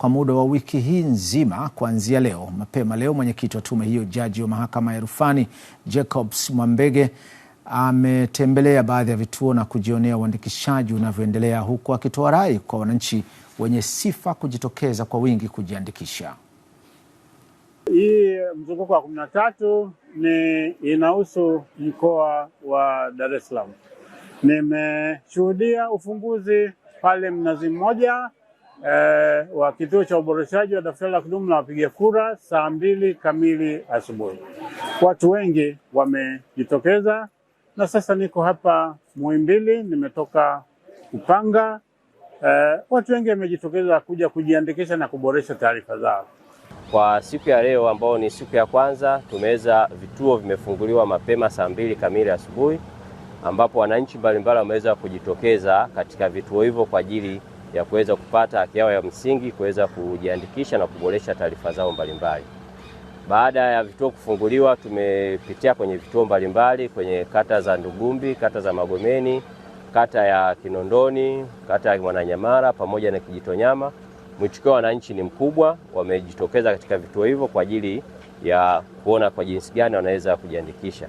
kwa muda wa wiki hii nzima kuanzia leo. Mapema leo mwenyekiti wa tume hiyo, jaji wa mahakama ya rufani Jacobs Mwambege ametembelea baadhi ya vituo na kujionea uandikishaji unavyoendelea, huku akitoa rai kwa wananchi wenye sifa kujitokeza kwa wingi kujiandikisha. Hii mzunguko wa kumi na tatu ni inahusu mkoa wa Dar es Salaam. Nimeshuhudia ufunguzi pale Mnazi Mmoja eh, wa kituo cha uboreshaji wa daftari la kudumu la wapiga kura saa mbili kamili asubuhi. Watu wengi wamejitokeza, na sasa niko hapa Muhimbili, nimetoka Upanga. Eh, watu wengi wamejitokeza kuja kujiandikisha na kuboresha taarifa zao. Kwa siku ya leo ambao ni siku ya kwanza, tumeweza vituo vimefunguliwa mapema saa mbili kamili asubuhi ambapo wananchi mbalimbali wameweza kujitokeza katika vituo hivyo kwa ajili ya kuweza kupata haki yao ya msingi kuweza kujiandikisha na kuboresha taarifa zao mbalimbali. Baada ya vituo kufunguliwa, tumepitia kwenye vituo mbalimbali kwenye kata za Ndugumbi, kata za Magomeni, kata ya Kinondoni, kata ya Mwananyamara pamoja na Kijitonyama. Mwitikio wa wananchi ni mkubwa, wamejitokeza katika vituo hivyo kwa ajili ya kuona kwa jinsi gani wanaweza kujiandikisha.